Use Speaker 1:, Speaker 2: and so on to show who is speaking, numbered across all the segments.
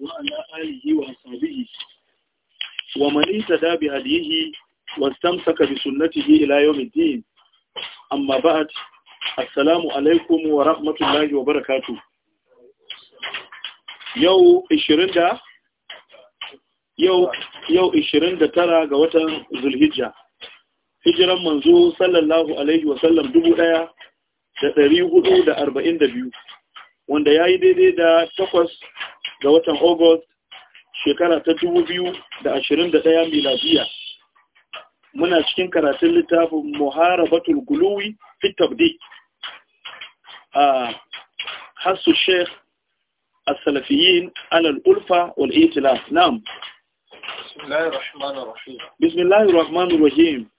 Speaker 1: وعلى آله وأصحابه ومن اهتدى بهديه واستمسك بسنته إلى يوم الدين أما بعد السلام عليكم ورحمة الله وبركاته يو إشرندا يو يو إشرندا ترى قوة ذو الهجة هجرا منذ صلى الله عليه وسلم دبو da ɗari hudu da arba'in da biyu wanda ya yi daidai da takwas ga watan August shekara ta 2021 miladiya muna cikin karatun littafin Muharabatul Guluwi fi Tabdi ah hasu Sheikh السلفيين على ala al-Ulfa wal الله nam بسم الله الرحمن الرحيم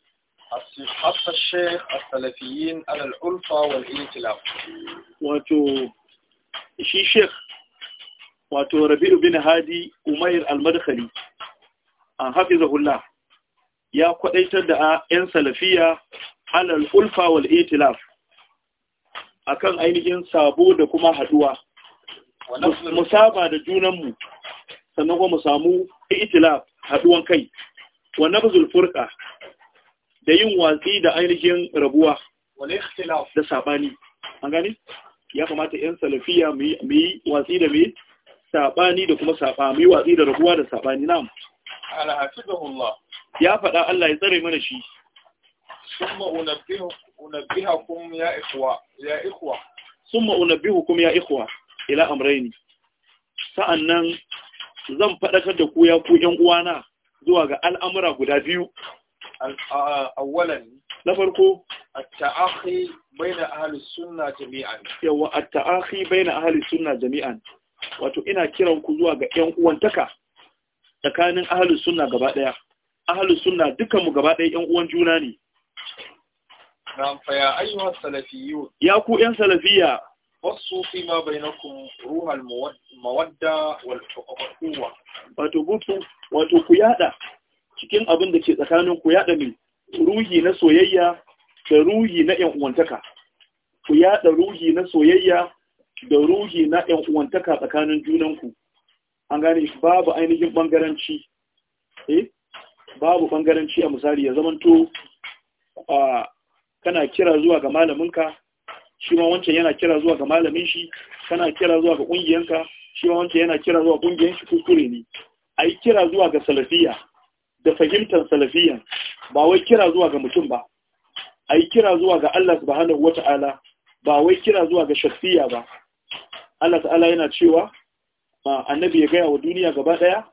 Speaker 1: حفظ الشيخ السلفيين على الألفة والإئتلاف واتو شي شيخ wato rabi'u bin hadi umair al-madkhali an hafizahullah ya kwadaitar da 'yan salafiya alal ulfa wal itilaf akan ainihin sabo da kuma haduwa musaba da junanmu sannan kuma mu samu itilaf haduwan kai wa nabzul furqa da yin watsi da ainihin rabuwa da sabani an gani ya kamata 'yan salafiya mu yi watsi da mai saɓani da kuma saɓa mai watsi da rabuwa da saɓani nam alhafizahullah ya faɗa Allah ya tsare mana shi summa unabbihukum ya ikhwa ya ikhwa summa unabbihukum ya ikhwa ila amrayni sa'annan zan faɗakar da ku ya ku ƴan uwana zuwa ga al'amura guda biyu awwalan na farko at-ta'akhi baina ahli sunna jami'an yawa at-ta'akhi baina ahli sunna jami'an wato ina kiran ku zuwa ga ƴan uwantaka tsakanin ahlus sunna gaba daya ahlus sunna dukkanmu mu gaba daya ƴan uwan juna ne nam fa ya ayyuha salafiyyu ya ku ƴan salafiyya wasu fi ma bainakum ruhal mawadda wal taqwa wato gutu wato ku yada cikin abin da ke tsakanin ku yada min ruhi na soyayya da ruhi na ƴan uwantaka ku yada ruhi na soyayya da ruhi na ‘yan uwantaka tsakanin junanku, an gane babu ainihin ɓangaranci, eh? babu ɓangaranci a misali ya zamanto a kana kira zuwa ga malaminka, shi ma wancan yana kira zuwa ga malamin shi, kana kira zuwa ga ƙungiyanka, shi ma wancan yana kira zuwa ƙungiyan shi kuskure ne. A yi kira zuwa ga salafiya, da fahimtar salafiyan, ba wai kira zuwa ga mutum ba, a yi kira zuwa ga Allah subhanahu wata'ala ba wai kira zuwa ga shafiya ba, Allah ta'ala yana cewa annabi ya gaya wa duniya gaba daya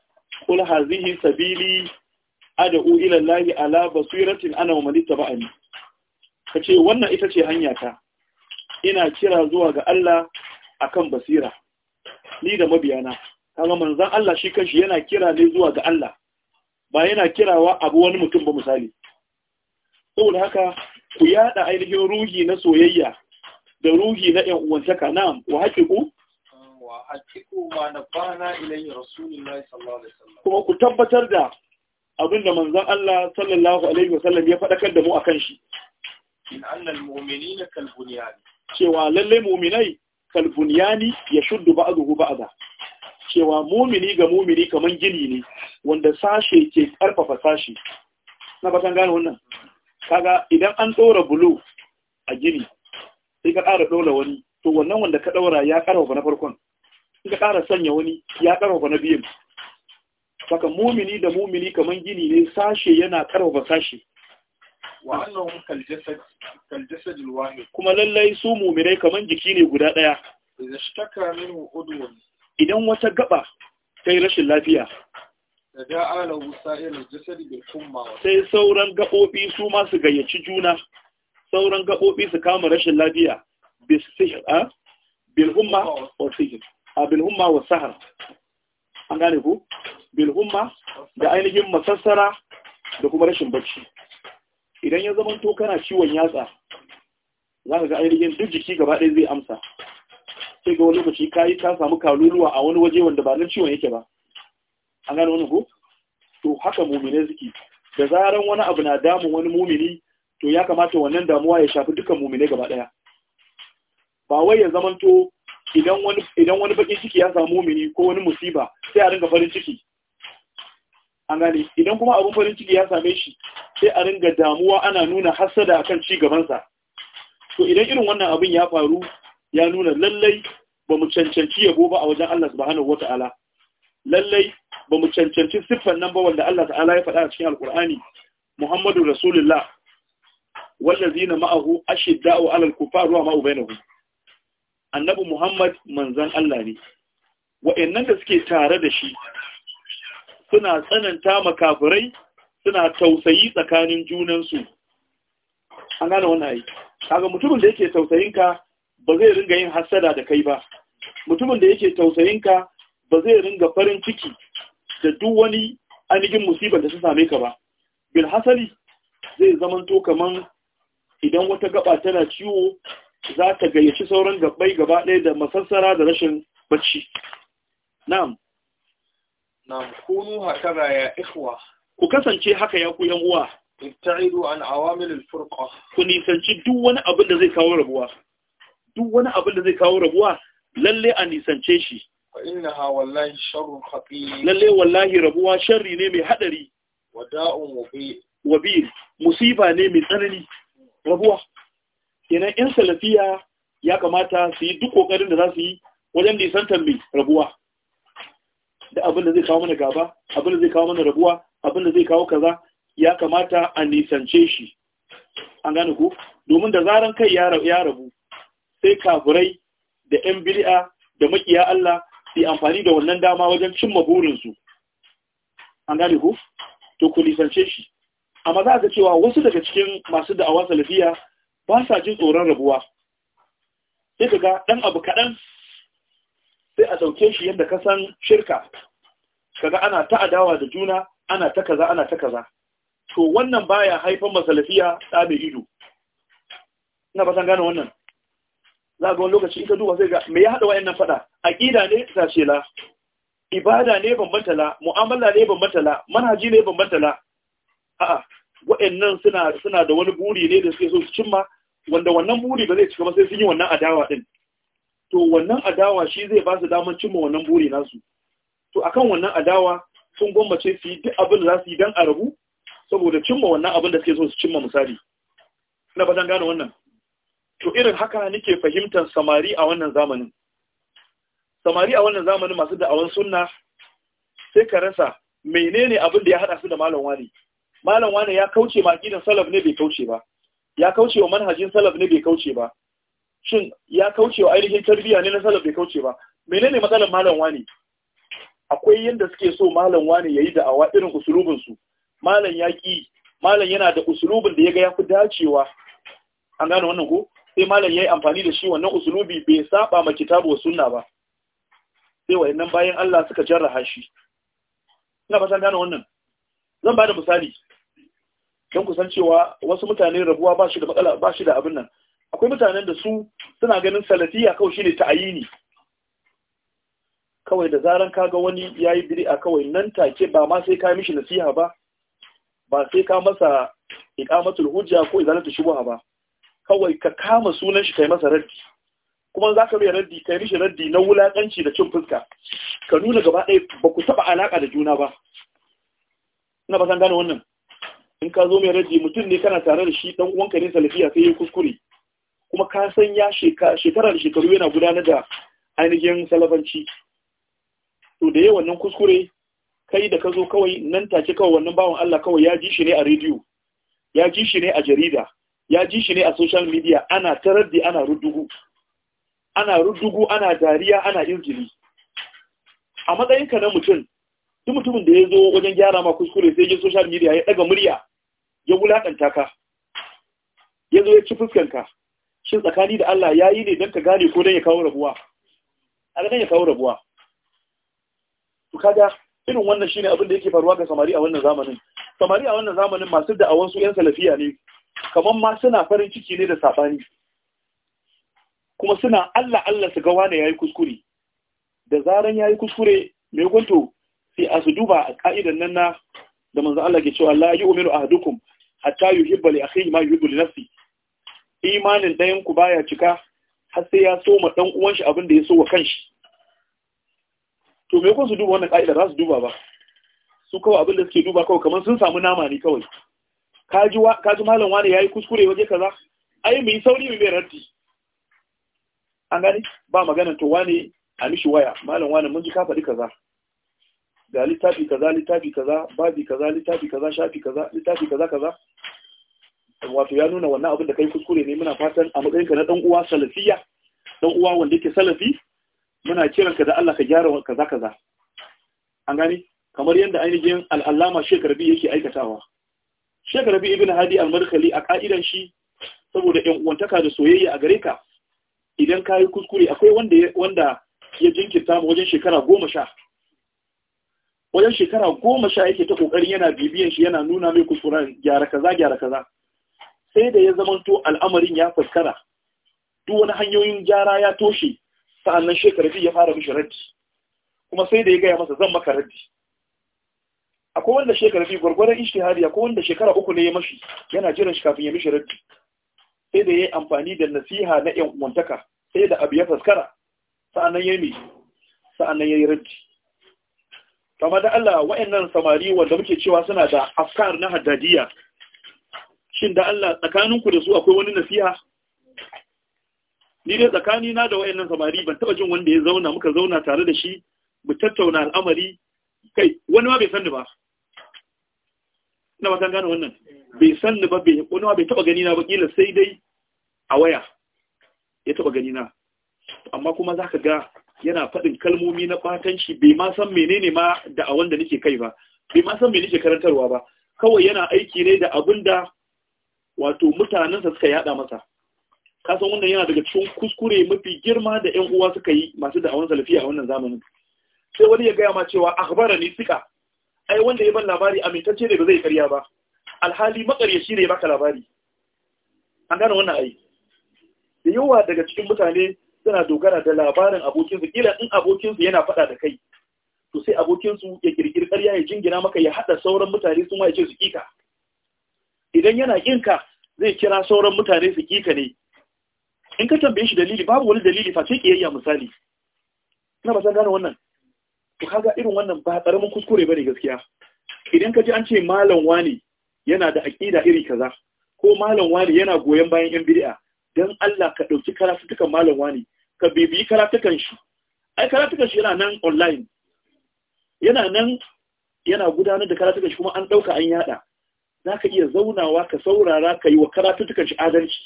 Speaker 1: kul hazihi sabili ad'u ila allahi ala basiratin ana wa malita ba'ani kace wannan ita ce hanya ta ina kira zuwa ga Allah akan basira ni da mabiyana kaga manzon Allah shi kanshi yana kira ne zuwa ga Allah ba yana kirawa abu wani mutum ba misali saboda haka ku yada ainihin ruhi na soyayya da ruhi na 'yan uwantaka na'am wa haƙiƙu rasulullahi sallallahu alaihi kuma ku tabbatar da abin da manzon Allah sallallahu alaihi wasallam ya faɗakar da mu akan shi in annal mu'minina kal bunyani cewa lalle mu'minai kal bunyani yashuddu ba'dahu ba'da cewa mumini ga mumini kaman gini ne wanda sashe ke karfafa sashe na batan gane wannan kaga idan an ɗora bulo a gini sai ka ƙara ɗora wani to wannan wanda ka ɗaura ya ƙarfafa na farkon suka ƙara sanya wani ya ƙarfafa na biyun saka mumini da mumini kamar gini ne sashe yana ƙarfafa sashe wa annahum kal jasad wahid kuma lallai su muminai kamar jiki ne guda ɗaya idza ishtaka minhu udwan idan wata gaba ta yi rashin lafiya sai sauran gaɓoɓi su ma su gayyaci juna sauran gaɓoɓi su kama rashin lafiya ah, bilhumma wa sihir a bilhumma wa sahara an gane ku bilhumma da ainihin masassara da kuma rashin bacci idan ya zama to kana ciwon yatsa za ka ga ainihin duk jiki gaba ɗaya zai amsa sai ga wani lokaci kayi ka samu kaluluwa a wani waje wanda ba nan ciwon yake ba an gane wani ku. to haka mumine ziki. da zaran wani abu na damun wani mumini to ya kamata wannan damuwa ya shafi dukkan mumine gaba ɗaya ba wai ya zamanto idan wani bakin ciki ya samu mini ko wani musiba sai a ringa farin ciki an gane idan kuma abin farin ciki ya same shi sai a ringa damuwa ana nuna hasada akan ci gabansa to idan irin wannan abin ya faru ya nuna lallai ba mu cancanci yabo ba a wajen Allah subhanahu ta'ala lallai ba mu cancanci siffan nan ba wanda Allah ta'ala ya faɗa a cikin alkur'ani Muhammadu Rasulullah wallazina ma'ahu ashidda'u 'alal kufaru wa ma'u annabi Muhammad manzan Allah ne wayannan da suke tare da shi suna tsananta makafurai suna tausayi tsakanin junansu an gane wannan ayi kaga mutumin da yake tausayinka ba zai ringa yin hasada da kai ba mutumin da yake tausayinka ba zai ringa farin ciki da duk wani ainihin musibar da ta same ka ba bil hasali zai zamanto kaman idan wata gaba tana ciwo za ta gayyaci sauran gabbai gaba ɗaya da masassara da rashin bacci na'am na'am kunu da ya ikhwa ku kasance haka ya ku yan uwa ibta'idu an awamil al-furqa ku nisanci duk wani abin da zai kawo rabuwa duk wani abin da zai kawo rabuwa lalle a nisance shi inna ha wallahi sharrun khatir lalle wallahi rabuwa sharri ne mai hadari wada'un wabi wabi musiba ne mai tsanani rabuwa kenan in salafiya ya kamata su yi duk kokarin da za su yi wajen nisantar tambi rabuwa da abin da zai kawo mana gaba abin da zai kawo mana rabuwa abin da zai kawo kaza ya kamata a nisance shi an gane ku domin da zaran kai ya rabu sai kafirai da yan bid'a da makiya Allah su amfani da wannan dama wajen cimma burinsu an gane ku to ku nisance shi amma za ka cewa wasu daga cikin masu da'awa salafiya ba sa jin tsoron rabuwa sai daga ɗan abu kaɗan sai a ɗauke shi yadda ka san shirka kaga ana ta adawa da juna ana ta kaza ana ta kaza to wannan baya haifan masalafiya ɗa mai ido ina ba san gane wannan za ga wani lokaci ita duba sai ga me ya haɗa wayannan faɗa aƙida ne ta ce la ibada ne bambanta la mu'amala ne bambanta la manhaji ne bambanta la a'a wa'annan suna suna da wani buri ne da suke so su cimma wanda wannan buri ba zai cika ba sai sun yi wannan adawa din to wannan adawa shi zai ba su damar cimma wannan buri nasu to akan wannan adawa sun gwammace su yi duk abin da za su yi dan a rabu saboda cimma wannan abin da suke so su cimma misali na ba gane wannan to irin haka nake fahimtar samari a wannan zamanin samari a wannan zamanin masu da'awan sunna sai ka rasa menene abin da ya hada su da malam wani malam wani ya kauce ma gidan salaf ne bai kauce ba ya kaucewa manhajin salaf ne bai kauce ba shin ya kaucewa ainihin tarbiyya ne na salaf bai kauce ba menene matsalar malam wani akwai yadda suke so malam wani yayi da'awa irin usulubin su malam ya ki malam yana da usulubin da ya ya yafi dacewa an gane wannan ko sai malam yayi amfani da shi wannan usulubi bai saba ma kitabu sunna ba sai wayannan bayan Allah suka jarraha shi ina fatan gane wannan zan bada misali don kusan cewa wasu mutane rabuwa ba shi da matsala ba shi da abin nan akwai mutanen da su suna ganin salafiya kawai shine ayini. kawai da zaran ga wani ya yi yayi a kawai nan take ba ma sai ka mishi nasiha ba ba sai ka masa iqamatul hujja ko izalatu shubha ba kawai ka kama sunan shi kai masa raddi kuma za ka bai raddi kai mishi raddi na wulakanci da cin fuska ka nuna gaba ɗaya ba ku taba alaka da juna ba ina ba san gane wannan in ka zo mai raji mutum ne kana tare da shi dan uwanka ne salafiya sai ya kuskure kuma ka san ya shekara da shekaru yana gudanar da ainihin salafanci to da yawan nan kuskure kai da ka zo kawai nan take kawai wannan bawan Allah kawai ya ji shi ne a rediyo ya ji shi ne a jarida ya ji shi ne a social media ana tarar da ana ruddugu ana ruddugu ana dariya ana injili a matsayinka na mutum duk mutumin da ya zo wajen gyara ma kuskure sai ya social media ya daga murya ya wulaƙanta ka ya zo ya ci fuskanka shin tsakani da Allah ya yi ne don ka gane ko don ya kawo rabuwa a don ya kawo rabuwa su kada irin wannan shi ne abinda yake faruwa ga samari a wannan zamanin samari a wannan zamanin masu a wasu yan salafiya ne kamar ma suna farin ciki ne da sabani kuma suna Allah Allah su ga wane yi kuskure da zaran yi kuskure mai gwanto sai a su duba a ka'idan nan na da manzo Allah ke cewa la yu'minu ahadukum hatta yuhibba li akhihi ma yuhibbu li nafsi imanin dayan ku baya cika har sai ya so ma dan uwan shi abin da ya so wa kanshi to me kun su duba wannan ka'ida za su duba ba su kawai abin da suke duba kawai kamar sun samu nama ne kawai kaji kaji malam wani yayi kuskure waje kaza ai mu yi sauri mu bai an gani ba maganar to wani a mishi waya malam wani mun ji ka faɗi kaza ga littafi kaza littafi kaza babi kaza littafi kaza shafi kaza littafi kaza kaza wato ya nuna wannan abin da kai kuskure ne muna fatan a matsayin ka na dan uwa salafiya dan uwa wanda yake salafi muna kiran ka da Allah ka gyara kaza kaza an gani kamar yadda ainihin Sheikh Rabi yake aikatawa Rabi ibn hadi al-markali a ka'idan shi saboda yan uwantaka da soyayya a gare ka idan ka kuskure akwai wanda ya jinkirta mu wajen shekara goma sha wajen shekara goma sha yake ta ƙoƙarin yana bibiyan shi yana nuna mai kusuran gyara kaza gyara kaza sai da ya zama zamanto al'amarin ya fuskara duk wani hanyoyin gyara ya toshe sa'annan biyu ya fara mishi raddi kuma sai da ya gaya masa zan maka raddi akwai wanda biyu gwargwaron ishtihadi akwai wanda shekara uku ne ya mashi yana jiran shi kafin ya mishi raddi sai da ya yi amfani da nasiha na yan uwantaka sai da abu ya fuskara sa'annan ya yi sa'annan ya yi raddi kama da Allah wa'annan samari wanda muke cewa suna da afkar na haddadiya shin da Allah tsakaninku da su akwai wani nasiha ni dai tsakani na da wa'annan samari ban taba jin wanda ya zauna muka zauna tare da shi mu tattauna al'amari kai wani ma bai sanni ba ina matan gane wannan bai sanni ba bai wani ma bai taba gani na ba kila sai dai a waya ya taba gani na amma kuma zaka ga yana faɗin kalmomi na ɓatanci bai ma san menene ma da a wanda nake kai ba bai ma san me nake karantarwa ba kawai yana aiki ne da abin da wato mutanensa suka yada masa kasan wannan yana daga cikin kuskure mafi girma da 'yan uwa suka yi masu da'awan salafi a wannan zamanin sai wani ya gaya ma cewa akhbara ni sika ai wanda ya ban labari amintacce ne ba zai karya ba alhali shi ne ya baka labari an gane wannan ai da yawa daga cikin mutane suna dogara da labarin abokinsu kila in abokinsu yana faɗa da kai to sai abokinsu ya kirkiri ƙarya ya jingina maka ya haɗa sauran mutane sun ya ce su kika idan yana kinka zai kira sauran mutane su kika ne in ka tambaye shi dalili babu wani dalili fa sai kiyayya misali ina ba san gane wannan to kaga irin wannan ba karamin kuskure bane gaskiya idan ka ji an ce malam wani yana da aqida iri kaza ko malam wani yana goyon bayan yan bid'a dan Allah ka dauki karatu dukan malam wani ka bibiyi karatukan shi ai karatukan shi yana nan online yana nan yana gudanar da karatukan shi kuma an ɗauka an yada zaka iya zaunawa ka saurara ka yi wa karatukan shi adalci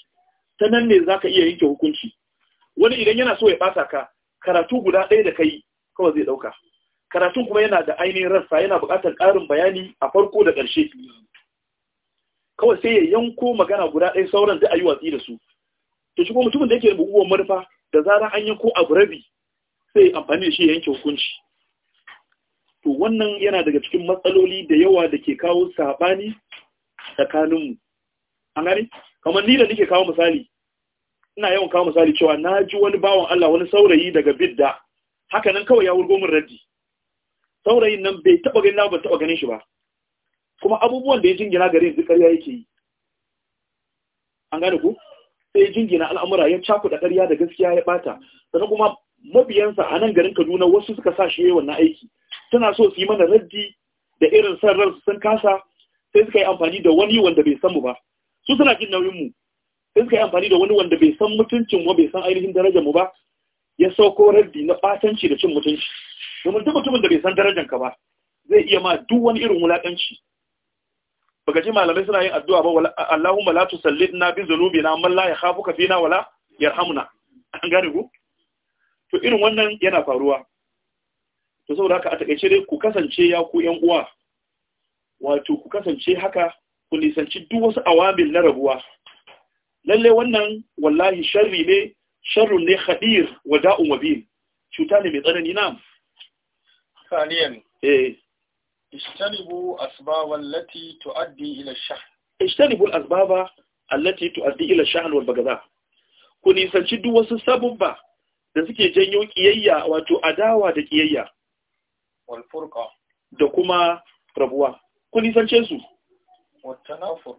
Speaker 1: ta nan ne zaka iya yanke hukunci wani idan yana so ya ɓata ka karatu guda ɗaya da kai kawai zai ɗauka karatu kuma yana da ainihin rassa yana buƙatar ƙarin bayani a farko da ƙarshe kawai sai ya yanko magana guda ɗaya sauran da a yi watsi da su to shi kuma mutumin da yake da buguwar manufa da zarar an yi yanko abu rabi sai amfani da shi yanke hukunci to wannan yana daga cikin matsaloli da yawa da ke kawo saɓani tsakaninmu an gani kamar ni da nake kawo misali ina yawan kawo misali cewa na ji wani bawan Allah wani saurayi daga bidda haka nan kawai ya wurgo min raddi saurayin nan bai taɓa ganin na ba taɓa ganin shi ba kuma abubuwan da ya jingina gare yanzu ƙarya yake yi an gane ku sai jingina al'amura ya cakuɗa ƙarya da gaskiya ya ɓata sannan kuma mabiyansa a nan garin kaduna wasu suka sa shi yayi wannan aiki suna so su yi mana raddi da irin san ransu sun kasa sai suka yi amfani da wani wanda bai san mu ba su suna jin nauyin mu sai suka yi amfani da wani wanda bai san mutuncin mu bai san ainihin darajar mu ba ya sauko raddi na ɓatanci da cin mutunci domin duk mutumin da bai san darajar ka ba zai iya ma duk wani irin wulaƙanci baka ji malamai suna yin addu'a ba Allahumma la tusallitna bi dhunubina man la yakhafuka fina wala yarhamuna an gane ku to irin wannan yana faruwa to saboda haka a takeice dai ku kasance ya ku yan uwa wato ku kasance haka ku nisanci duk wasu awamil na rabuwa lalle wannan wallahi sharri ne sharrun ne khadir wa da'u mabin cuta ne mai tsanani na saniyan eh ishtanibu asbaba allati tuaddi ila shahr ishtanibu asbaba allati tuaddi ila shahr wal bagaza ku nisanci duk wasu sabubba da suke janyo kiyayya wato adawa da kiyayya wal furqa da kuma rabuwa ku nisance su wat tanafur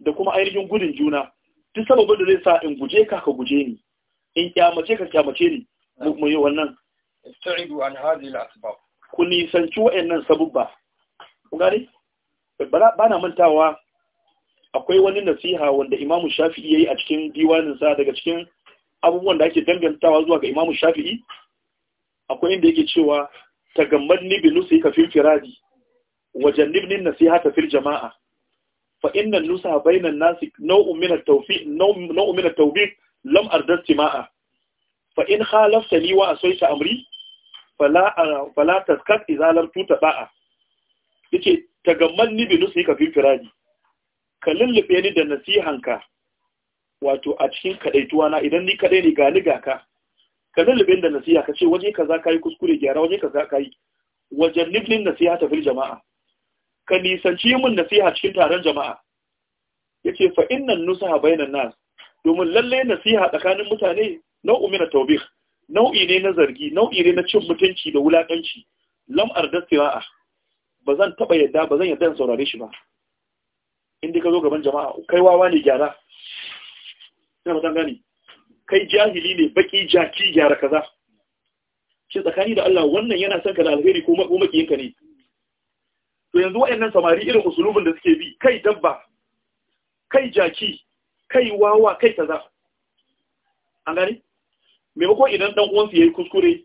Speaker 1: da kuma ainihin gudun juna duk sababin da zai sa in guje ka ka guje ni in kyamace ka kyamace ni mu yi wannan ista'idu an hadhihi al asbab ku nisanci wa'annan sabubba ku gane ba na mantawa akwai wani nasiha wanda imamu shafi'i ya yi a cikin diwaninsa daga cikin abubuwan da ake dangantawa zuwa ga imamu shafi'i akwai inda yake cewa tagammad ni bi nusi ka fil firadi wa jannibni ta fil jama'a fa inna nusa bayna nasi nas min at-tawfiq naw'un min at-tawbiq lam arda sima'a fa in li wa asayta amri fala fala taskat idza lam tutaba'a yace tagamman ni bi ka fi firadi ka lullube ni da nasihanka wato a cikin kadaituwa na idan ni kadai ne ga ni ga ka ka lullube da nasiha ka ce waje kaza yi kuskure gyara waje kaza yi. wajen nifnin nasiha ta fil jama'a ka nisanci min nasiha cikin taron jama'a yace fa innan nusaha bainan nas domin lalle nasiha tsakanin mutane nau'u min tawbih nau'i ne na zargi nau'i ne na cin mutunci da wulakanci lam arda sira'a ba zan taɓa yadda ba zan yadda saurare shi ba inda ka zo gaban jama'a kai wawa ne gyara ina matan gani kai jahili ne baki jaki gyara kaza shi tsakani da Allah wannan yana son ka da alheri ko makiyinka ne to yanzu waɗannan samari irin usulubin da suke bi kai dabba kai jaki kai wawa kai kaza an gani maimakon idan dan uwansu yayi kuskure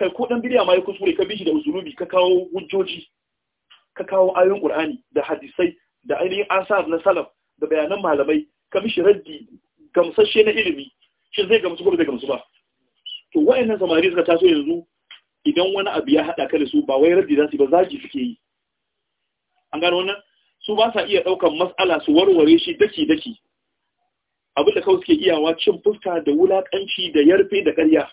Speaker 1: kai ko dan bidiya ma ya kuskure ka bishi da usulubi ka kawo hujjoji ka kawo ayoyin qur'ani da hadisai da ainihin asar na salaf da bayanan malamai ka bishi raddi musashe na ilimi shi zai gamsu ko bai gamsu ba to wayannan samari suka taso yanzu idan wani abu ya haɗa ka da su ba wai raddi za su ba zagi suke yi an gano wannan su ba sa iya daukan mas'ala su warware shi daki daki abinda kawai suke iyawa cin fuska da wulakanci da yarfe da ƙarya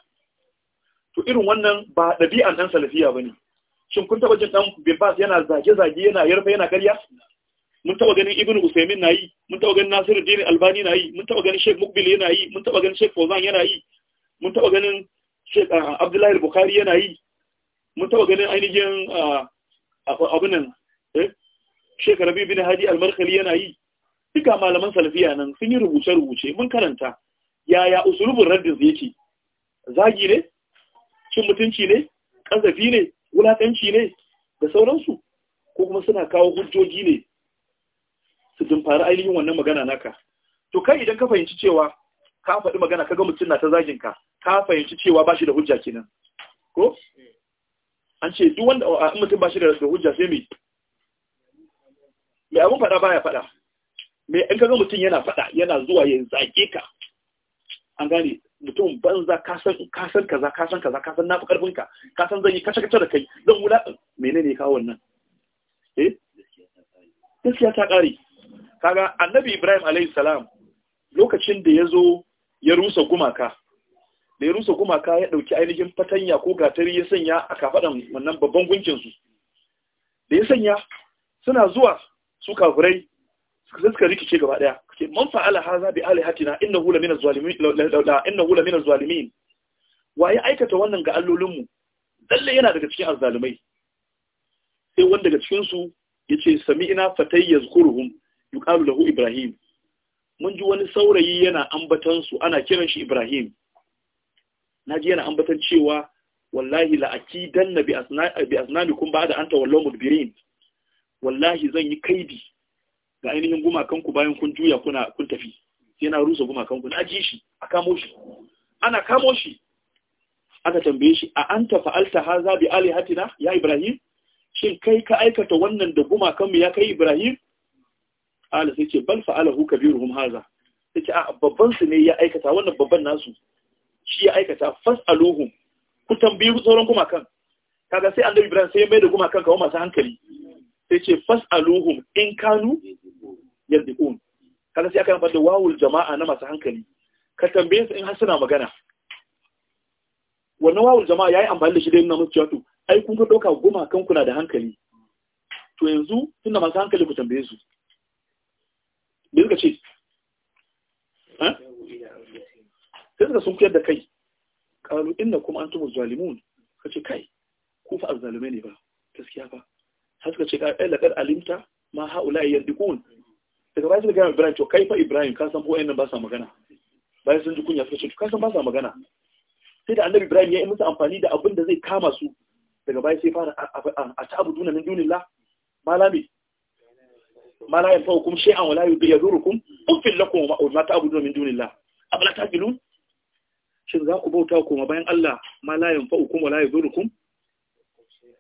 Speaker 1: to irin wannan ba ɗabi'an ɗan salafiya ba ne shin kun taɓa jin ɗan bimbas yana zage-zage yana yarfa yana karya mun taɓa ganin ibn usaimin na yi mun taɓa ganin nasiru dini albani na yi mun taɓa ganin sheik mukbil yana yi mun taɓa ganin sheik fozan yana yi mun taɓa ganin sheik ah, abdullahi bukari yana yi mun taɓa ganin ainihin ah, nan eh, sheik rabi bin hadi almarkali yana yi duka malaman salafiya nan sun yi rubuce-rubuce mun karanta yaya usulubin raddin yake zagi ne cin mutunci ne ƙazafi ne wulaƙanci ne da sauransu ko kuma suna kawo hujjoji ne su dumfari ainihin wannan magana naka to kai idan ka fahimci cewa ka faɗi magana ka ga mutum na ta zagin ka ka fahimci cewa ba shi da hujja kenan ko an ce duk wanda a mutum ba shi da hujja sai mai mai abin faɗa baya faɗa mai in ka ga mutum yana faɗa yana zuwa ya zage ka an gane mutum banza kasan kasan kaza kasan kaza kasan nafi karfin ka kasan zan yi kace kace da kai zan wula menene ka wannan eh gaskiya ta kare kaga annabi Ibrahim alayhi salam lokacin da yazo ya rusa gumaka da ya rusa gumaka ya dauki ainihin fatanya ko gatari ya sanya a kafadan wannan babban gunkin su da ya sanya suna zuwa su kafirai suka rikice gaba daya ce man fa'ala haza bi alihatina innahu la min az-zalimin la aikata wannan ga allolin mu lalle yana daga cikin azzalumai sai wanda daga cikin su yace sami'na fatay yazkuruhum yuqalu lahu ibrahim mun ji wani saurayi yana ambatan ana kiran shi ibrahim naji yana ambatan cewa wallahi la akidanna bi asnani bi asnanikum ba'da anta wallahu mudbirin wallahi zan yi kaidi ga ainihin gumakanku bayan kun juya kuna kun tafi Sai na rusa gumakanku na ji shi a kamo shi ana kamo shi aka tambaye shi a anta fa'alta haza bi hatina ya ibrahim shin kai ka aikata wannan da gumakanmu ya kai ibrahim ala sai ce bal fa'alahu kabiruhum haza sai ce a babban su ne ya aikata wannan babban nasu shi ya aikata fas'aluhum ku tambayi sauran gumakan kaga sai annabi ibrahim sai ya mai da gumakan kawo masu hankali sai ce fas'aluhum in kanu yantiqun Kada sai aka yi da wawul jama'a na masu hankali ka tambaye su in har suna magana wannan wawul jama'a yayi amfani da shi da nuna musu cewa to ai kun doka goma kan kuna da hankali to yanzu tunda masu hankali ku tambaye su me suka ce sai suka sun kuyar da kai kalu inna kuma an tumu zalimun ka ce kai ku fa azzalume ne ba gaskiya ba har suka ce ka ai laqad alimta ma haula yadikun daga bayan suka gaya ibrahim to kai fa ibrahim ka san ko nan ba sa magana bayan sun ji kunya suka ce ka san ba sa magana sai da annabi ibrahim ya yi musu amfani da abin da zai kama su daga bayan sai fara a ta'buduna min dunillah malami ma la yanfa'ukum shay'an wa la yadurukum uffil lakum wa ma ta'buduna min dunillah abla taqilun shin za ku bauta kuma bayan Allah ma la hukum wa la yadurukum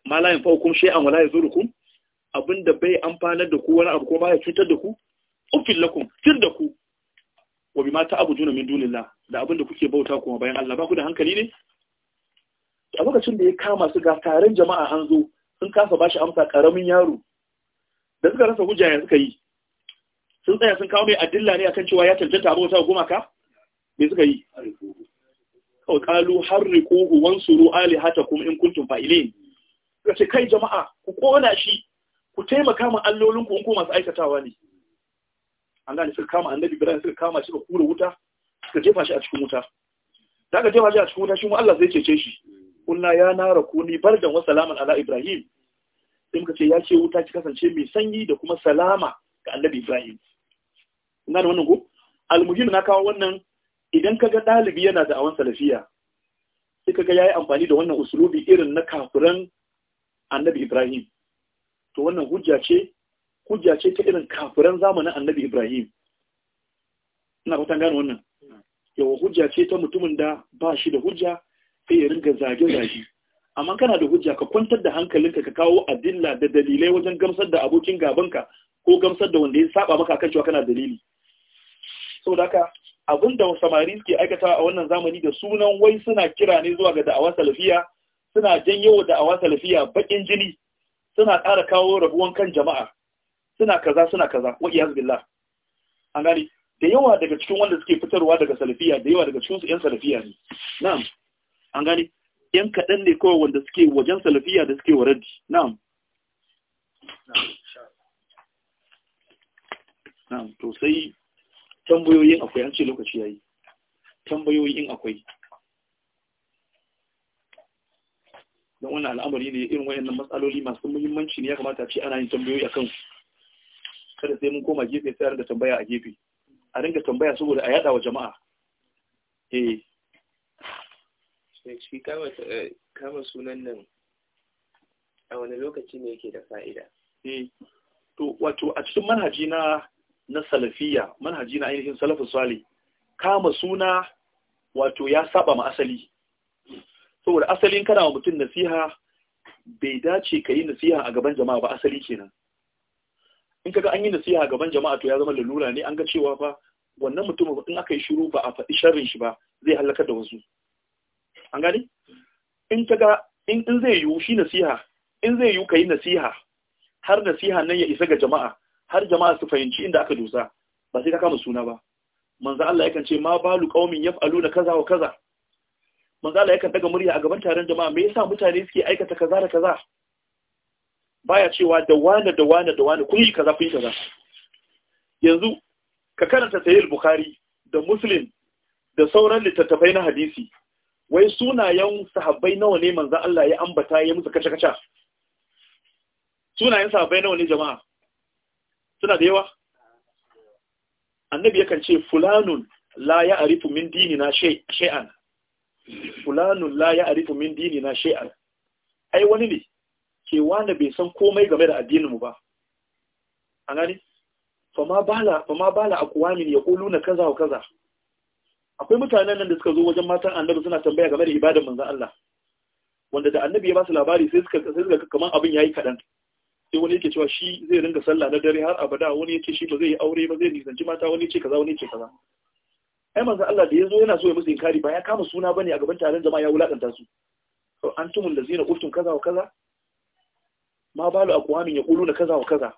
Speaker 1: fa la yanfa'ukum shay'an wa la yadurukum abinda bai amfanar da ku wani abu ko ba ya cutar da ku uffil lakum tir da ku wa abu juna min dunillah da abinda kuke bauta kuma bayan Allah ba ku da hankali ne a lokacin da ya kama su ga taron jama'a an zo sun kasa bashi amsa karamin yaro da suka rasa hujja suka yi sun tsaya sun kawo mai adilla ne akan cewa ya cancanta abin wata gumaka me suka yi kawai kalu harriquhu wansuru alihatakum in kuntum fa'ilin suka ce kai jama'a ku kona shi ku taimaka ma allolinku in ku masu aikatawa ne an gane suka kama annabi ibrahim suka kama shi suka kura wuta suka jefa shi a cikin wuta da aka jefa shi a cikin wuta shi mu Allah zai cece shi kunna ya nara ni bardan wa salaman ala ibrahim sai muka ce ya ce wuta ki kasance mai sanyi da kuma salama ga annabi ibrahim ina da wannan ko almuhim na kawo wannan idan kaga dalibi yana da awan salafiya sai kaga yayi amfani da wannan usulubi irin na kafiran annabi ibrahim to wannan hujja ce hujja ce ta irin kafiran zamanin annabi ibrahim ina fatan gane wannan yawa hujja ce ta mutumin da ba shi da hujja sai ya ringa zage-zage amma kana da hujja ka kwantar da hankalinka ka kawo adilla da dalilai wajen gamsar da abokin gabanka ko gamsar da wanda ya saba maka kan cewa kana dalili saboda haka abin da samari suke aikata a wannan zamani da sunan wai suna kira ne zuwa ga da'awa salafiya suna janyo da'awa salafiya bakin jini suna ƙara kawo rabuwan kan jama'a suna kaza suna kaza wa iyaz billah an gani da yawa daga cikin wanda suke fitarwa daga salafiya da yawa daga cikin su yan salafiya ne na'am an gani yan kaɗan ne kawai wanda suke wajen salafiya da suke waradi na'am na'am to sai tambayoyin akwai an ce lokaci yayi tambayoyin akwai don wannan al'amari ne irin wayannan matsaloli masu muhimmanci ne ya kamata a ce ana yin tambayoyi a kansu kada sai mun koma gefe sai a ringa tambaya a gefe a ringa tambaya saboda a yada wa jama'a eh shi kama eh, kama sunan nan a wani lokaci ne yake da fa'ida eh. wato a cikin manhaji na na salafiya manhaji na ainihin salafus kama suna wato ya saba ma asali saboda asalin kana wa mutum nasiha bai dace ka yi nasiha a gaban jama'a ba asali kenan in kaga an yi nasiha gaban jama'a to ya zama lalura ne an ga cewa fa wannan mutumin in aka yi shiru ba a faɗi sharrin shi ba zai halaka da wasu an gane in kaga in in zai yiwu shi nasiha in zai yiwu kai nasiha har nasiha nan ya isa ga jama'a har jama'a su fahimci inda aka dosa ba sai ka kama suna ba manzo Allah yakan ce ma balu qaumin yaf'aluna kaza wa kaza manzo Allah yakan daga murya a gaban taron jama'a me yasa mutane suke aikata kaza da kaza baya cewa da wane da wane da wane kun yi kaza kun yi kaza yanzu ka karanta sahih bukhari da muslim da sauran littattafai na hadisi wai sunayen sahabbai nawa ne manzo Allah ya ambata ya musu kace kace sunayen sahabbai nawa ne jama'a suna da yawa annabi yakan ce fulanun la ya'rifu min dinina shay'an fulanun la ya'rifu min dinina shay'an ai wani ne ke wanda bai san komai game da addininmu ba a gani fama bala kuwamin ya kulu na kaza wa kaza akwai mutanen nan da suka zo wajen matan annabi suna tambaya game da ibadan manzan Allah wanda da annabi ya ba su labari sai suka sai suka kaman abin yayi kadan sai wani yake cewa shi zai ringa sallah na dare har abada wani yake shi ba zai yi aure ba zai nisanci mata wani yake kaza wani yake kaza ai manzan Allah da yazo yana so ya musu inkari ba ya kama suna bane a gaban taron jama'a ya wulakanta su to antumul lazina qultum kaza wa kaza ma lu aqwamin na kaza wa kaza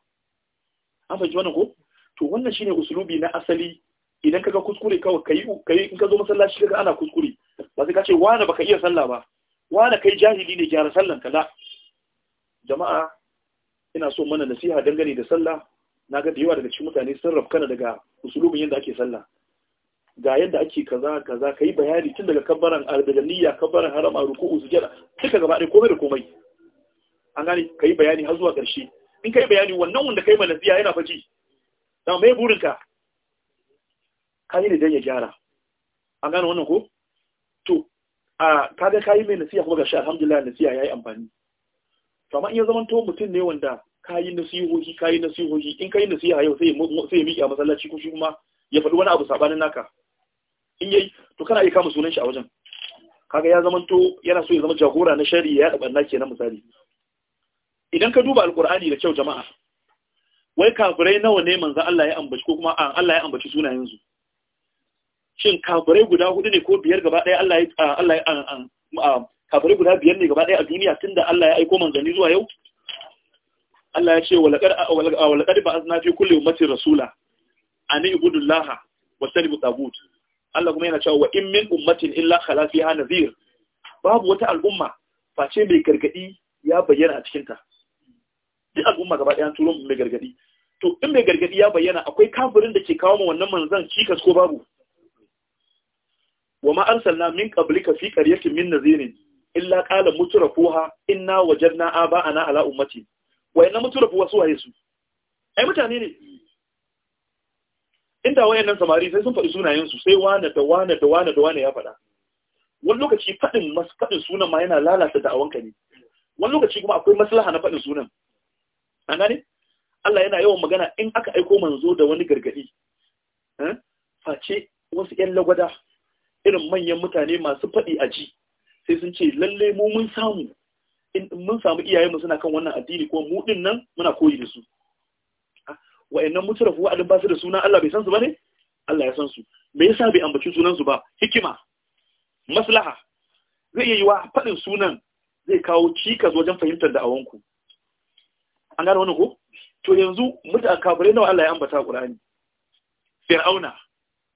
Speaker 1: an fahimci wannan ko to wannan shine usulubi na asali idan kaga kuskure kawai kai kai in ka zo masallaci kaga ana kuskure ba sai ka ce wani baka iya sallah ba wani kai jahili ne gyara sallan ka la jama'a ina so mana nasiha dangane da sallah naga da yawa daga cikin mutane sun rafkana daga usulubin yadda ake sallah ga yadda ake kaza kaza kai bayani tun daga kabbaran albadaniya kabbaran harama ruku'u sujada duka gaba ɗaya komai da komai an gane ka yi bayani har zuwa ƙarshe in ka yi bayani wannan wanda ka yi malafiya yana faci da mai burinka ka yi ne don ya gyara an gane wannan ko to a kaga ka yi mai nasiya kuma gashi alhamdulillah nasiya ya yi amfani to amma in ya zamanto to mutum ne wanda ka yi nasihohi ka yi nasihohi in ka yi nasiha yau sai ya miƙa masallaci ko shi kuma ya faɗi wani abu saɓanin naka in yayi to kana iya kama sunan shi a wajen kaga ya zamanto to yana so ya zama jagora na shari'a ya ɗaɓanna kenan misali idan ka duba alkur'ani da kyau jama'a wai kafirai nawa ne manzo Allah ya ambaci ko kuma Allah ya ambaci sunayen su shin kafirai guda hudu ne ko biyar gaba ɗaya Allah ya Allah ya kafirai guda biyar ne gaba ɗaya a duniya tunda Allah ya aiko manzanni zuwa yau Allah ya ce walaqad ba'athna fi kulli ummatin rasula an ibudu wa wastanibu tabut Allah kuma yana cewa wa in min ummatin illa khala fiha nadhir babu wata al'umma face mai gargadi ya bayyana a cikinta duk al'umma gaba ɗaya turo mai gargaɗi. to in mai gargaɗi ya bayyana akwai kafirin da ke kawo ma wannan manzan cikas ko babu wa ma arsalna min qablika fi qaryatin min nazirin illa qala mutrafuha inna wajadna aba'ana ala ummati wa inna mutrafuha suwaye su ai mutane ne inda wayannan samari sai sun faɗi sunayen su, sai wane da wane da wane da wane ya faɗa wani lokaci faɗin faɗin sunan ma yana lalata da ne wani lokaci kuma akwai maslaha na faɗin sunan an gane Allah yana yawan magana in aka aiko manzo da wani gargadi eh? face wasu ƴan lagwada irin manyan mutane masu faɗi a ji sai sun ce lalle mu mun samu in mun samu iyayenmu suna kan wannan addini ko mu din nan muna koyi da su ah, wa'annan mutarafu wa'adin ba su da suna Allah bai san su ba ne? Allah ya san su me yasa bai ambaci sunan su ba hikima maslaha zai iya wa faɗin sunan zai kawo cikas wajen fahimtar da awanku an gane wani ko to yanzu mutan kafirai nawa Allah ya ambata Qur'ani fir'auna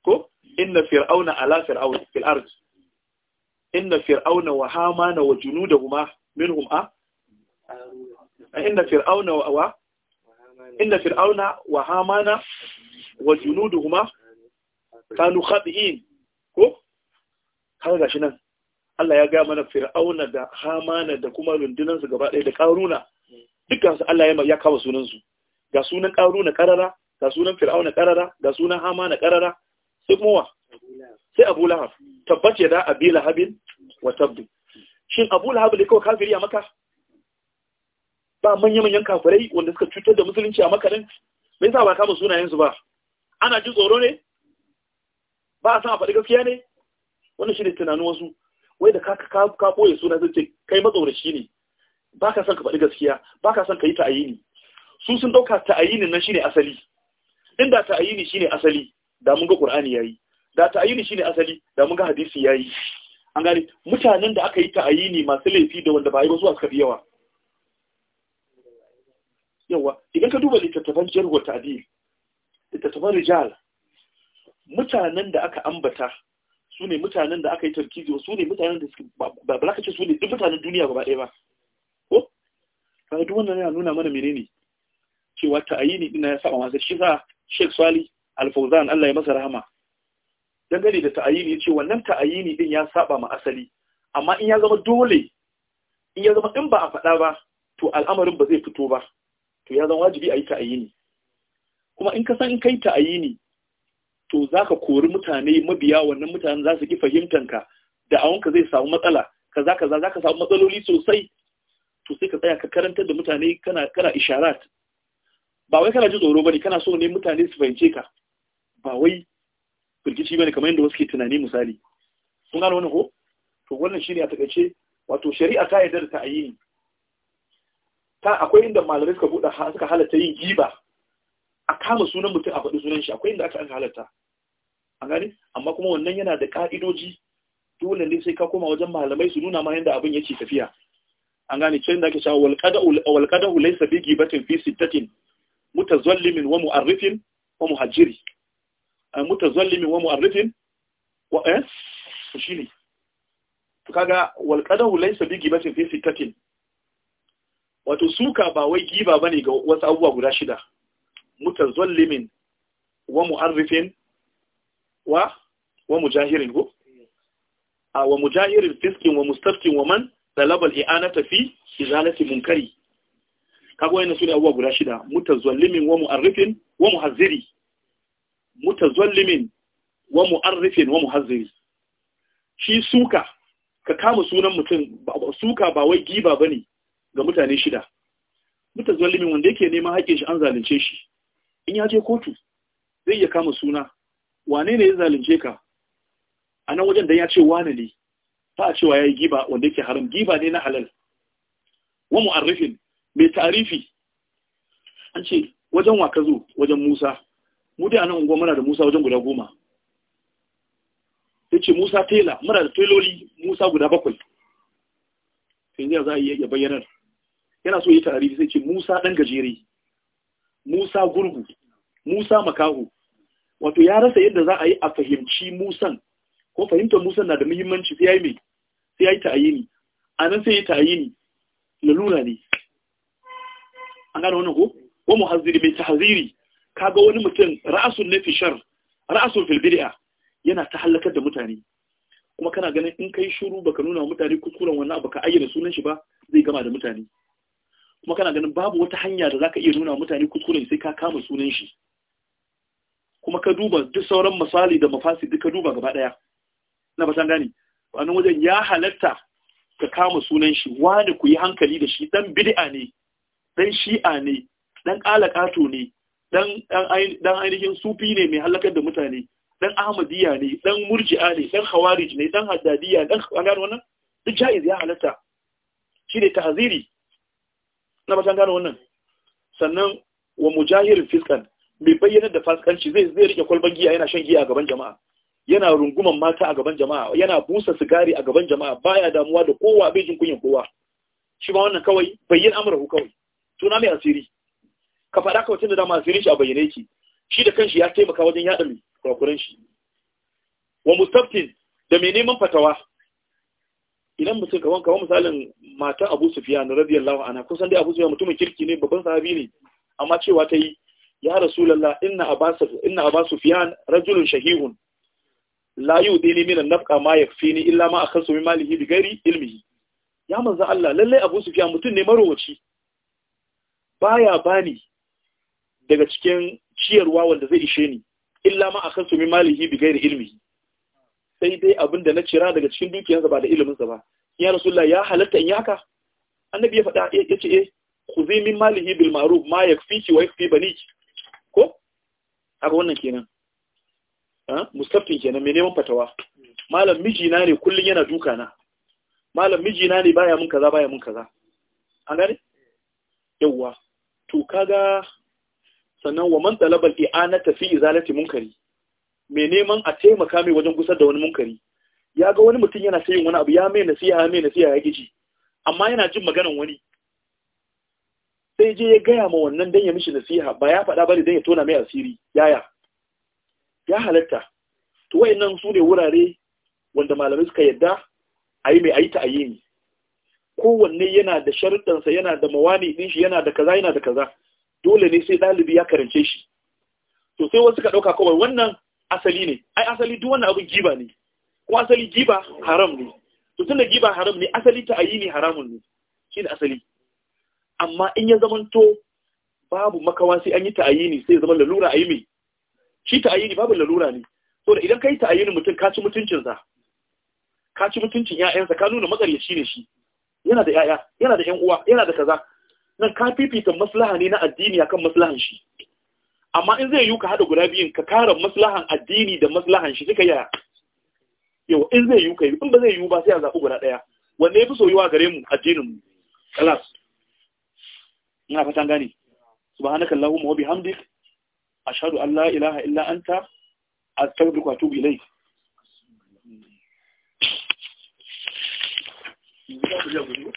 Speaker 1: ko inna fir'auna ala fir'auna fil ard inna fir'auna wa hamana wa junudahuma minhum a inna fir'auna wa inna fir'auna wa hamana wa junuduhuma kanu khati'in ko har gashi nan Allah ya ga mana fir'auna da hamana da kuma lundunansu gaba ɗaya da karuna dukansu Allah ya kawo sunansu, ga sunan ƙaru na ƙarara ga sunan fir'au na ƙarara ga sunan hama na ƙarara sai kuma sai abu lahab ya da abi lahabin wa tabbi shin abu lahab da kawai kafiri a maka ba manya-manyan kafirai wanda suka cutar da musulunci a maka din me yasa ba kama sunayensu ba ana ji tsoro ne ba a san a faɗi gaskiya ne wannan shi ne tunanin wasu wai da ka ɓoye suna zai ce kai matsoraci ne ba ka son ka faɗi gaskiya ba ka son ka yi ta'ayini su sun ɗauka ta'ayinin nan shine asali inda ta'ayini shine asali da mun ga ƙur'ani yayi da ta'ayini shine asali da mun ga hadisi yayi an gane mutanen da aka yi ta'ayini masu laifi da wanda ba yi ba su suka fi yawa yawa idan ka duba littattafan jarwa ta'adil littattafan rijal mutanen da aka ambata su ne mutanen da aka yi tarkizi su ne mutanen da suke ba ba ka ce su ne duk mutanen duniya gaba ɗaya ba kaga duk wannan yana nuna mana menene cewa ta'ayini din ya saba masa shi sa Sheikh sali al fawzan Allah ya masa rahama dangane da ta'ayini yace wannan ta'ayini din ya saba ma asali amma in ya zama dole in ya zama in ba a faɗa ba to al'amarin ba zai fito ba to ya zama wajibi a yi ta'ayini kuma in ka san in kai ta'ayini to zaka kori mutane mabiya wannan mutanen za su ki fahimtanka da awanka zai samu matsala kaza kaza zaka samu matsaloli sosai to sai ka tsaya ka karantar da mutane kana kana isharat ba wai kana ji tsoro bane kana so ne mutane su fahimce ka ba wai firgici bane kamar yadda wasu ke tunani misali Sun gano wani ko to wannan shine a takaice wato shari'a ta yadda da ta'ayini ta akwai inda malamai suka buɗe suka halatta yin giba a kama sunan mutum a faɗi sunan shi akwai inda aka an halatta an gani amma kuma wannan yana da ka'idoji dole ne sai ka koma wajen malamai su nuna ma yadda abin yake tafiya an gane cikin da ake cewa wal qada'u laysa bi gibatin fi sittatin mutazallimin wa mu'arrifin wa muhajiri mutazallimin wa mu'arrifin wa eh shine to kaga wal qada'u laysa bi gibatin fi sittatin wato suka ba wai giba bane ga wasu abubuwa guda shida mutazallimin wa mu'arrifin wa wa mujahirin go a wa mujahirin fiskin wa mustafkin wa man talabal i'anata fi izalati munkari kago wayannan sune abubuwa guda shida mutazallimin wa mu'arrifin wa muhazziri mutazallimin wa mu'arrifin wa muhazziri shi suka ka kama sunan mutum suka ba wai giba bane ga mutane shida mutazallimin wanda yake neman haƙin shi an zalunce shi in ya je kotu zai iya kama suna wane ne ya zalunce ka a nan wajen da ya ce wane ne ba a cewa ya yi giba wanda yake haram giba ne na halal wa mu'arrifin mai tarifi an ce wajen wa ka zo wajen musa mu dai a nan unguwa muna da musa wajen guda goma Ya ce musa tela muna da teloli musa guda bakwai sai zai za a iya bayyanar yana so yi tarihi sai ce musa ɗan gajere musa gurgu musa makaho wato ya rasa yadda za a yi a fahimci musan ko fahimtar musan na da muhimmanci sai ya yi mai sai ya yi ta'ayini a nan sai ya yi ta'ayini lalura ne an gane wannan ko wa muhazziri mai tahziri kaga wani mutum ra'asun na fishar ra'asun fil bid'a yana ta halakar da mutane kuma kana ganin in kai shiru baka nuna wa mutane kuskuren wannan baka ayyana sunan shi ba zai gama da mutane kuma kana ganin babu wata hanya da zaka iya nuna wa mutane kuskuren sai ka kama sunan shi kuma ka duba duk sauran misali da mafasi duka duba gaba daya na basan gani wannan wajen ya halatta ka kama sunan shi wani ku yi hankali da shi dan bid'a ne dan shi'a ne dan alaƙato ne dan ainihin sufi ne mai halakar da mutane dan ahmadiyya ne dan murji'a ne dan hawarij ne dan haddadiyya dan gano wannan duk jaiz ya halatta shi ne tahziri na basan gano wannan sannan wa mujahirin fiskan mai bayyana da fasikanci zai zai rike kwalban giya yana shan giya a gaban jama'a yana runguman mata a gaban jama'a yana busa sigari a gaban jama'a baya damuwa da kowa bai jin kunyan kowa shi ma wannan kawai bayyin amrahu kawai tuna mai asiri ka faɗa kawai da dama asirin shi a bayyane ki shi da kanshi ya taimaka wajen yaɗa mai kurakuran shi wa mustaftin da mai neman fatawa idan mutum kawan kawan misalin mata Abu Sufyan radiyallahu anha kun san dai Abu Sufyan mutumin kirki ne babban sahabi ne amma cewa ta yi ya rasulullah inna abasu inna abasu fiyan rajulun shahihun la yudini min an-nafqa ma yakfini illa ma akhasu min malihi bi ghairi ilmihi ya manzo Allah lallai Abu Sufyan mutum ne marowaci baya bani daga cikin ciyarwa wanda zai ishe ni illa ma akhasu min malihi bi ghairi ilmihi sai dai abin da na cira daga cikin dukiyarsa ba da iliminsa ba ya rasulullah ya halatta in ya yaka annabi ya faɗa yace eh khuzi min malihi bil ma'ruf ma yakfiki wa yakfi baniki ko haka wannan kenan Eh? mustafin kenan mai neman fatawa malam mijina ne kullum yana duka na malam mijina ne baya mun kaza baya mun kaza an gane yawwa to kaga sannan wa man talabal ianata fi izalati munkari mai neman a taimaka mai wajen gusar da wani munkari ya ga wani mutum yana sayin wani abu ya mai nasiha ya mai nasiha ya gici amma yana jin maganan wani sai je ya gaya ma wannan dan ya mishi nasiha ba ya faɗa bane dan ya tona mai asiri yaya ya halatta to wayannan su ne wurare wanda malamai suka yadda a yi mai a yi ta kowanne yana da sharuɗansa yana da mawani ɗin shi yana da kaza yana da kaza dole ne sai ɗalibi ya karance shi to sai wasu ka ɗauka kawai wannan asali ne ai asali duk wannan abin giba ne kuma asali giba haram ne to tunda giba haram ne asali ta ayi ne haramun ne shi ne asali amma in ya zamanto babu makawa sai an yi ta ayi ne sai zama lalura ayi mai shi ayini babu lalura ne da idan kai ayini mutum ka ci mutuncin sa ka ci mutuncin ƴaƴansa ka nuna makaryaci ne shi yana da ƴaƴa yana da ƴan uwa yana da kaza nan ka fifita maslaha ne na addini akan maslahan shi amma in zai yiwu ka hada guda biyun ka kara maslahan addini da maslahan shi suka yaya yau in zai yiwu ka yi in ba zai yiwu ba sai a zaɓi guda ɗaya wanne ya fi soyuwa gare mu addinin mu kalas ina fatan gane subhanakallahumma wa bihamdika A an Allah ilaha illa anta astaghfiruka wa atubu ilayk Thank you.